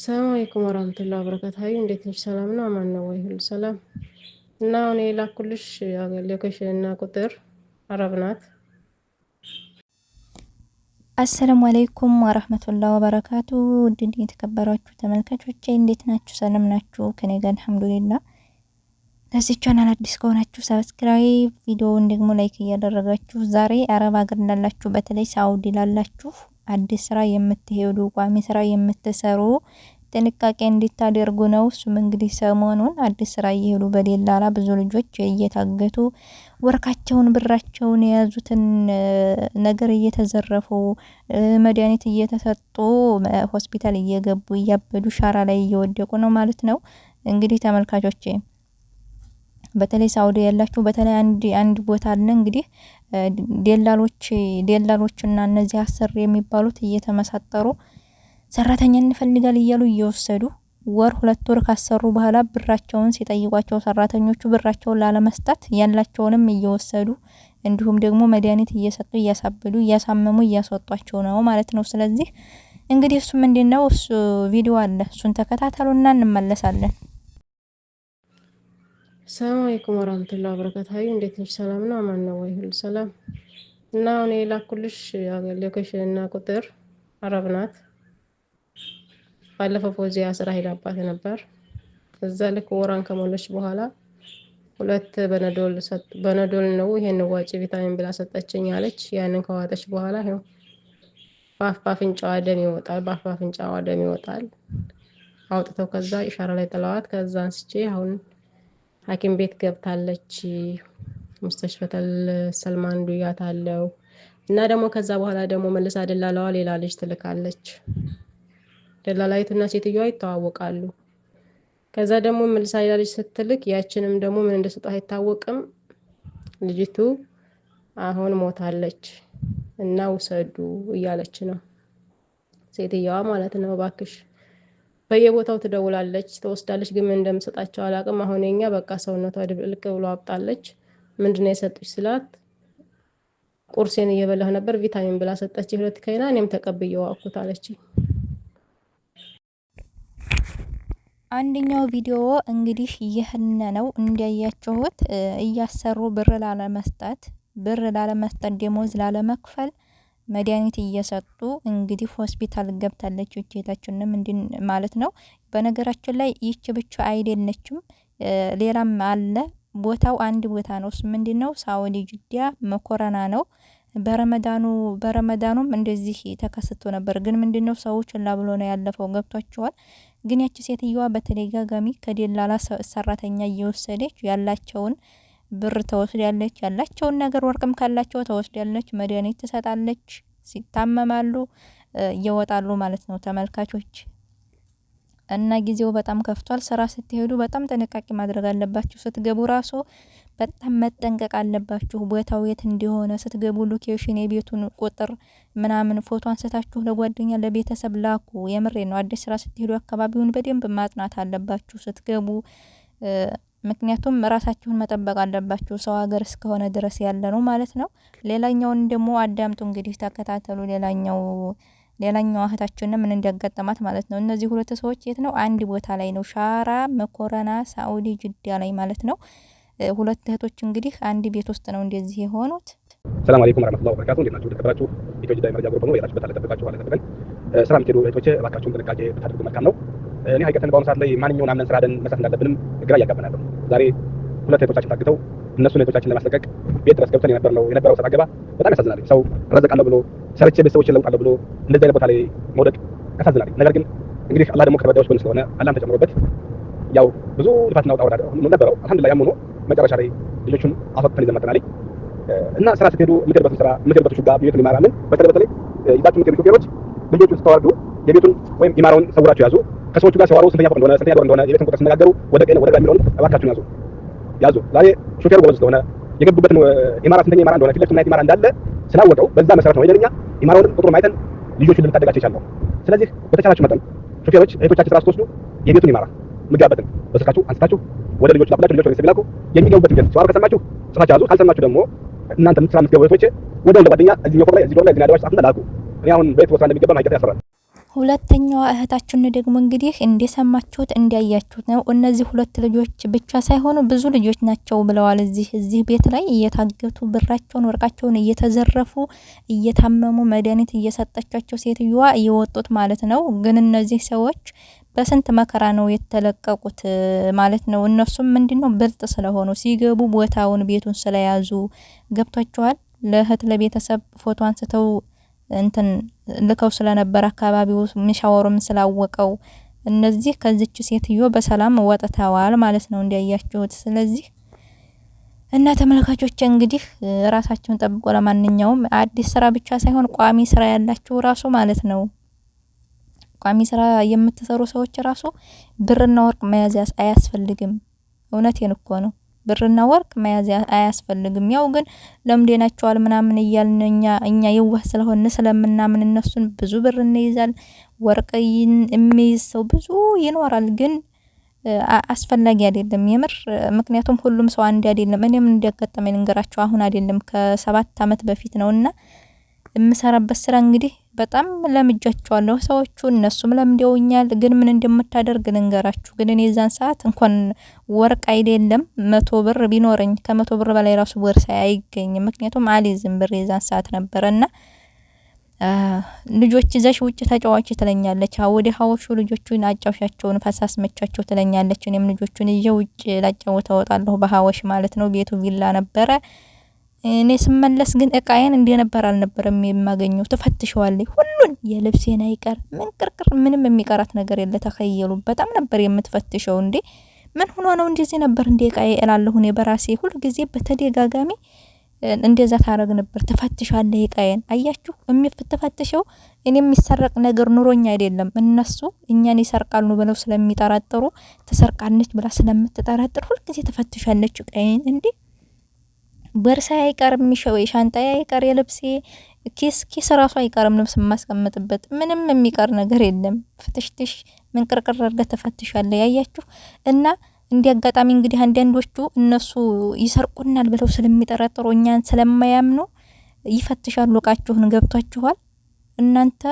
ሰላም አለይኩም ወራህመቱላሂ ወበረካቱሁ። እንዴት ነሽ? ሰላም ነው? አማን ነው ወይ? ሁሉ ሰላም እና አሁን የላኩልሽ ሎኬሽን እና ቁጥር አረብ ናት። አሰላሙ አለይኩም ወራህመቱላሂ ወበረካቱ። ውድ የተከበራችሁ ተመልካቾቼ እንዴት ናችሁ? ሰላም ናችሁ? ከኔ ጋር አልሐምዱሊላህ። ለዚህ ቻናል አዲስ ከሆናችሁ ሰብስክራይብ፣ ቪዲዮውን ደግሞ ላይክ እያደረጋችሁ ዛሬ አረብ አገር ላላችሁ በተለይ ሳውዲ ላላችሁ አዲስ ስራ የምትሄዱ፣ ቋሚ ስራ የምትሰሩ ጥንቃቄ እንዲታደርጉ ነው። እሱም እንግዲህ ሰሞኑን አዲስ ስራ እየሄዱ በደላላ ብዙ ልጆች እየታገቱ ወርቃቸውን ብራቸውን የያዙትን ነገር እየተዘረፉ መድኃኒት እየተሰጡ ሆስፒታል እየገቡ እያበዱ ሻራ ላይ እየወደቁ ነው ማለት ነው። እንግዲህ ተመልካቾቼ በተለይ ሳውዲ ያላችሁ በተለይ አንድ አንድ ቦታ አለ እንግዲህ ዴላሎች ዴላሎችና እነዚህ አሰር የሚባሉት እየተመሳጠሩ ሰራተኛ እንፈልጋል እያሉ እየወሰዱ ወር ሁለት ወር ካሰሩ በኋላ ብራቸውን ሲጠይቋቸው ሰራተኞቹ ብራቸውን ላለመስጣት ያላቸውንም እየወሰዱ እንዲሁም ደግሞ መድኃኒት እየሰጡ እያሳበዱ እያሳመሙ እያስወጧቸው ነው ማለት ነው። ስለዚህ እንግዲህ እሱ ምንድነው እሱ ቪዲዮ አለ፣ እሱን ተከታተሉና እንመለሳለን። ሰላም አለይኩም ወራህመቱላሂ ወበረካቱሁ። እንዴት ነሽ? ሰላም ነው? አማን ነው ወይ? ሁሉ ሰላም እና አሁን የላኩልሽ ሎኬሽን እና ቁጥር አረብ ናት። ባለፈው ፎዚያ ስራ ሄዳባት ነበር። እዛ ልክ ወራን ከሞለች በኋላ ሁለት በነዶል በነዶል ነው ይሄን ዋጭ ቪታሚን ብላ ሰጠችኝ አለች። ያንን ከዋጠች በኋላ ይኸው በአፍ በአፍንጫዋ ደም ይወጣል። በአፍ በአፍንጫዋ ደም ይወጣል። አውጥተው ከዛ ኢሻራ ላይ ጥለዋት ከዛ አንስቼ አሁን ሐኪም ቤት ገብታለች። ሙስተሽፈተል ሰልማን ዱያት አለው እና ደግሞ ከዛ በኋላ ደግሞ መልሳ ደላላዋ ሌላ ልጅ ትልካለች። ደላላይቱና ሴትዮዋ ይተዋወቃሉ። ከዛ ደግሞ መልሳ ሌላ ልጅ ስትልክ ያችንም ደግሞ ምን እንደሰጠ አይታወቅም። ልጅቱ አሁን ሞታለች እና ውሰዱ እያለች ነው ሴትዮዋ ማለት ነው። እባክሽ በየቦታው ትደውላለች፣ ትወስዳለች፣ ግን ምን እንደምሰጣቸው አላቅም። አሁን የኛ በቃ ሰውነቷ ድብልቅ ብሎ አብጣለች። ምንድነው የሰጡች ስላት ቁርሴን እየበላሁ ነበር ቪታሚን ብላ ሰጠች። ሁለት ከይና እኔም ተቀብዬ ዋኩት አለች። አንደኛው ቪዲዮ እንግዲህ ይህን ነው እንዳያችሁት፣ እያሰሩ ብር ላለመስጠት ብር ላለመስጠት ደሞዝ ላለመክፈል መድኃኒት እየሰጡ እንግዲህ ሆስፒታል ገብታለች ውጤታችንም እንዲ ማለት ነው። በነገራችን ላይ ይች ብቻ አይደለችም፣ ሌላም አለ። ቦታው አንድ ቦታ ነው። እሱ ምንድን ነው? ሳውዲ ጅዲያ መኮረና ነው። በረመዳኑ በረመዳኑም እንደዚህ ተከስቶ ነበር። ግን ምንድን ነው ሰዎች እላ ብሎ ነው ያለፈው። ገብቷቸዋል። ግን ያቺ ሴትየዋ በተደጋጋሚ ከደላላ ሰራተኛ እየወሰደች ያላቸውን ብር ተወስዳለች፣ ያላቸውን ነገር ወርቅም ካላቸው ተወስዳለች፣ መድኃኒት ትሰጣለች፣ ሲታመማሉ እየወጣሉ ማለት ነው ተመልካቾች። እና ጊዜው በጣም ከፍቷል። ስራ ስትሄዱ በጣም ጥንቃቄ ማድረግ አለባችሁ። ስትገቡ ራሱ በጣም መጠንቀቅ አለባችሁ። ቦታው የት እንደሆነ ስትገቡ ሎኬሽን፣ የቤቱን ቁጥር ምናምን ፎቶ አንስታችሁ ለጓደኛ ለቤተሰብ ላኩ። የምሬ ነው። አዲስ ስራ ስትሄዱ አካባቢውን በደንብ ማጥናት አለባችሁ ስትገቡ ምክንያቱም ራሳችሁን መጠበቅ አለባችሁ። ሰው ሀገር እስከሆነ ድረስ ያለ ነው ማለት ነው። ሌላኛውን ደግሞ አዳምጡ እንግዲህ ተከታተሉ። ሌላኛው ሌላኛው እህታችን ምን እንዲያጋጠማት ማለት ነው። እነዚህ ሁለት ሰዎች የት ነው? አንድ ቦታ ላይ ነው፣ ሻራ መኮረና ሳኡዲ ጅዳ ላይ ማለት ነው። ሁለት እህቶች እንግዲህ አንድ ቤት ውስጥ ነው እንደዚህ የሆኑት። ሰላም አለይኩም ወራህመቱላሂ ወበረካቱ። እንዴት ናችሁ? ተከብራችሁ ኢትዮ ጅዳ መረጃ ግሩፕ ነው ያላችሁበት አለ ተጠብቃችሁ አለ ተጠብቀን ስራ የምትሄዱ እህቶች እባካችሁን ጥንቃቄ ብታደርጉ መልካም ነው። እኔ ሀይቀትን በአሁኑ ሰዓት ላይ ማንኛውን አምነን ስራ ደን መስራት እንዳለብንም ግራ እያጋበናለሁ። ዛሬ ሁለት እህቶቻችን ታግተው እነሱ እህቶቻችን ለማስለቀቅ ቤት ድረስ ገብተን የነበር ነው የነበረው ሰጥ አገባ በጣም ያሳዝናል። ሰው ረዘቃለሁ ብሎ ሰርቼ ቤተሰቦችን ለውጣለሁ ብሎ እንደዚህ አይነት ቦታ ላይ መውደቅ ያሳዝናል። ነገር ግን እንግዲህ አላህ ደግሞ ከተበዳዮች ጎን ስለሆነ አላህም ተጨምሮበት ያው ብዙ ልፋትና ውጣ ወራድ ነበረው። አልሐምዱሊላህ ያም ሆኖ መጨረሻ ላይ ልጆቹን አፈቅተን ይዘን እና ስራ ስትሄዱ ምክር ስራ ምክር ሹጋ ጋር ቤት ሊማራምን በተለይ በተለይ ባችሁ ምክር ኢትዮጵያኖች ልጆቹን ስታዋርዱ የቤቱን ወይም ኢማራውን ሰውራችሁ ያዙ። ከሰዎቹ ጋር ሲዋሩ ስንተኛ ፎቅ እንደሆነ ስንተኛ ዶር እንደሆነ የቤቱን ቁጥር ሲነጋገሩ ወደ ቀኝ ወደ ግራ የሚለውን እባካችሁን ያዙ ያዙ። ዛሬ ሹፌሩ ጎበዝ ስለሆነ የገቡበትን ኢማራ ስንተኛ ኢማራ እንደሆነ ፊት ለፊት ኢማራ እንዳለ ስላወቀው በዛ መሰረት ነው ወይደኛ ኢማራውንም ቁጥሩን አይተን ልጆቹን ልንታደጋቸው ይቻላል። ስለዚህ በተቻላችሁ መጠን ሹፌሮች እህቶቻችሁ ስራ ስትወስዱ የቤቱን ኢማራ ምጋበትን በስልካችሁ አንስታችሁ ወደ ልጆቹ ላኩላችሁ። ልጆቹ ወይስ ቢላኩ የሚገቡበትን ገጽ ሲዋሩ ከሰማችሁ ጽፋችሁ ያዙ። ካልሰማችሁ ደግሞ እናንተ የምትሰራ የምትገቡ እህቶች ወደ ጓደኛ እዚህ ነው ላይ እዚህ ዶር ላይ እዚህ አድራሻ ጻፉና ላኩ። እኔ አሁን በየት ቦታ እንደሚገባ ማይቀር ያሰራል። ሁለተኛዋ እህታችን ደግሞ እንግዲህ እንደሰማችሁት እንዲያያችሁት ነው። እነዚህ ሁለት ልጆች ብቻ ሳይሆኑ ብዙ ልጆች ናቸው ብለዋል። እዚህ እዚህ ቤት ላይ እየታገቱ ብራቸውን ወርቃቸውን እየተዘረፉ እየታመሙ መድኃኒት እየሰጠቻቸው ሴትዮዋ እየወጡት ማለት ነው። ግን እነዚህ ሰዎች በስንት መከራ ነው የተለቀቁት ማለት ነው። እነሱም ምንድነው ብልጥ ስለሆኑ ሲገቡ ቦታውን ቤቱን ስለያዙ ገብቷቸዋል። ለእህት ለቤተሰብ ፎቶ አንስተው እንትን ልከው ስለነበር አካባቢው ሚሻወሩም ስላወቀው እነዚህ ከዚች ሴትዮ በሰላም ወጥተዋል ማለት ነው እንዲያያችሁት። ስለዚህ እና ተመልካቾች እንግዲህ ራሳችሁን ጠብቆ ለማንኛውም አዲስ ስራ ብቻ ሳይሆን ቋሚ ስራ ያላችሁ ራሱ ማለት ነው ቋሚ ስራ የምትሰሩ ሰዎች ራሱ ብርና ወርቅ መያዝ አያስፈልግም። እውነቴን እኮ ነው። ብርና ወርቅ መያዝ አያስፈልግም። ያው ግን ለምዴናቸዋል ምናምን እያልን እኛ እኛ የዋህ ስለሆነ ስለምናምን እነሱን ብዙ ብር እንይዛል። ወርቅ የሚይዝ ሰው ብዙ ይኖራል ግን አስፈላጊ አይደለም የምር። ምክንያቱም ሁሉም ሰው አንድ አይደለም። እኔም እንዲያጋጠመኝ ልንገራቸው፣ አሁን አይደለም ከሰባት አመት በፊት ነውና የምሰራበት ስራ እንግዲህ በጣም ለምጃቸዋለሁ ሰዎቹ፣ እነሱም ለምደውኛል። ግን ምን እንደምታደርግ ልንገራችሁ። ግን እኔ ዛን ሰዓት እንኳን ወርቅ አይደለም መቶ ብር ቢኖረኝ ከመቶ ብር በላይ ራሱ ቦርሳ አይገኝም። ምክንያቱም አልይዝም ብር የዛን ሰዓት ነበረና ልጆች ዘሽ ውጭ ተጫዋች ትለኛለች። ወደ ሀወሹ ልጆቹን አጫውሻቸውን ፈሳስ መቻቸው ትለኛለች። እኔም ልጆቹን ይዤ ውጭ ላጫወት እወጣለሁ፣ በሀወሽ ማለት ነው። ቤቱ ቪላ ነበረ። እኔ ስመለስ ግን እቃዬን እንደነበር ነበር አልነበረም የማገኘው። ትፈትሸዋለች ሁሉን የልብሴን አይቀር ምን ቅርቅር ምንም የሚቀራት ነገር የለ። ተከየሉ በጣም ነበር የምትፈትሸው። እንዴ ምን ሆኖ ነው እንደዚህ ነበር እንደ እቃዬ እላለሁ እኔ በራሴ ሁልጊዜ በተደጋጋሚ እንደዛ ታረግ ነበር። ትፈትሻለች እቃዬን። አያችሁ የምትፈትሸው እኔ የሚሰረቅ ነገር ኑሮኝ አይደለም፣ እነሱ እኛን ይሰርቃሉ ብለው ስለሚጠራጥሩ ትሰርቃለች ብላ ስለምትጠራጥር ሁልጊዜ ትፈትሻለች እቃዬን እንዴ ቦርሳ አይቀርም፣ ሻንጣ አይቀር፣ የልብሴ ኪስ ኪስ ራሱ አይቀርም። ልብስ የማስቀምጥበት ምንም የሚቀር ነገር የለም። ፍትሽትሽ ምንቅርቅር አድርገህ ተፈትሻለ ያያችሁ እና እንዲህ አጋጣሚ እንግዲህ አንዳንዶቹ እነሱ ይሰርቁናል ብለው ስለሚጠረጥሩ እኛን ስለማያምኑ ይፈትሻሉ። እቃችሁን ገብቷችኋል። እናንተ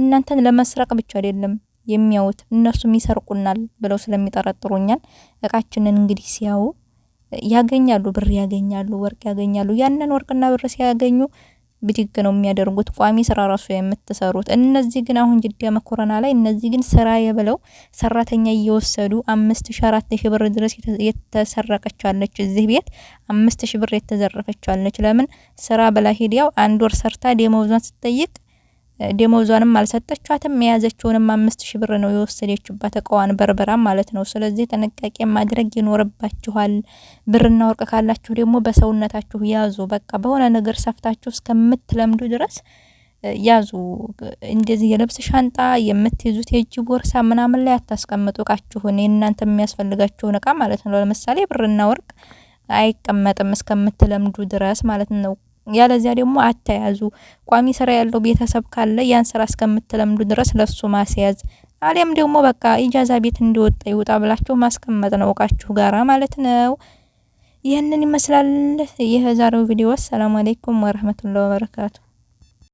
እናንተን ለመስረቅ ብቻ አይደለም የሚያዩት እነሱም ይሰርቁናል ብለው ስለሚጠረጥሩ እኛን እቃችንን እንግዲህ ሲያዩ ያገኛሉ፣ ብር ያገኛሉ፣ ወርቅ ያገኛሉ። ያንን ወርቅና ብር ሲያገኙ ብድግ ነው የሚያደርጉት። ቋሚ ስራ ራሱ የምትሰሩት እነዚህ ግን አሁን ጅዳ መኮረና ላይ እነዚህ ግን ስራ የብለው ሰራተኛ እየወሰዱ አምስት ሺ አራት ሺ ብር ድረስ የተሰረቀቻለች እዚህ ቤት አምስት ሺ ብር የተዘረፈቻለች። ለምን ስራ ብላ ሂዲያው አንድ ወር ሰርታ ደመወዟን ስትጠይቅ ደሞዟንም አልሰጠችዋትም። የያዘችውንም አምስት ሺ ብር ነው የወሰደችባት እቃዋን በርበራ ማለት ነው። ስለዚህ ጥንቃቄ ማድረግ ይኖርባችኋል። ብርና ወርቅ ካላችሁ ደግሞ በሰውነታችሁ ያዙ። በቃ በሆነ ነገር ሰፍታችሁ እስከምትለምዱ ድረስ ያዙ። እንደዚህ የልብስ ሻንጣ የምትይዙት የእጅ ቦርሳ ምናምን ላይ አታስቀምጡ። እቃችሁን የእናንተ የሚያስፈልጋችሁን እቃ ማለት ነው። ለምሳሌ ብርና ወርቅ አይቀመጥም እስከምትለምዱ ድረስ ማለት ነው። ያለዚያ ደግሞ አተያዙ። ቋሚ ስራ ያለው ቤተሰብ ካለ ያን ስራ እስከምትለምዱ ድረስ ለሱ ማስያዝ አሊያም ደግሞ በቃ ኢጃዛ ቤት እንዲወጣ ይውጣ ብላችሁ ማስቀመጥ ነው እቃችሁ ጋራ ማለት ነው። ይህንን ይመስላል ይህ ዛሬው ቪዲዮ። አሰላሙ አሌይኩም ወረህመቱላሂ ወበረካቱ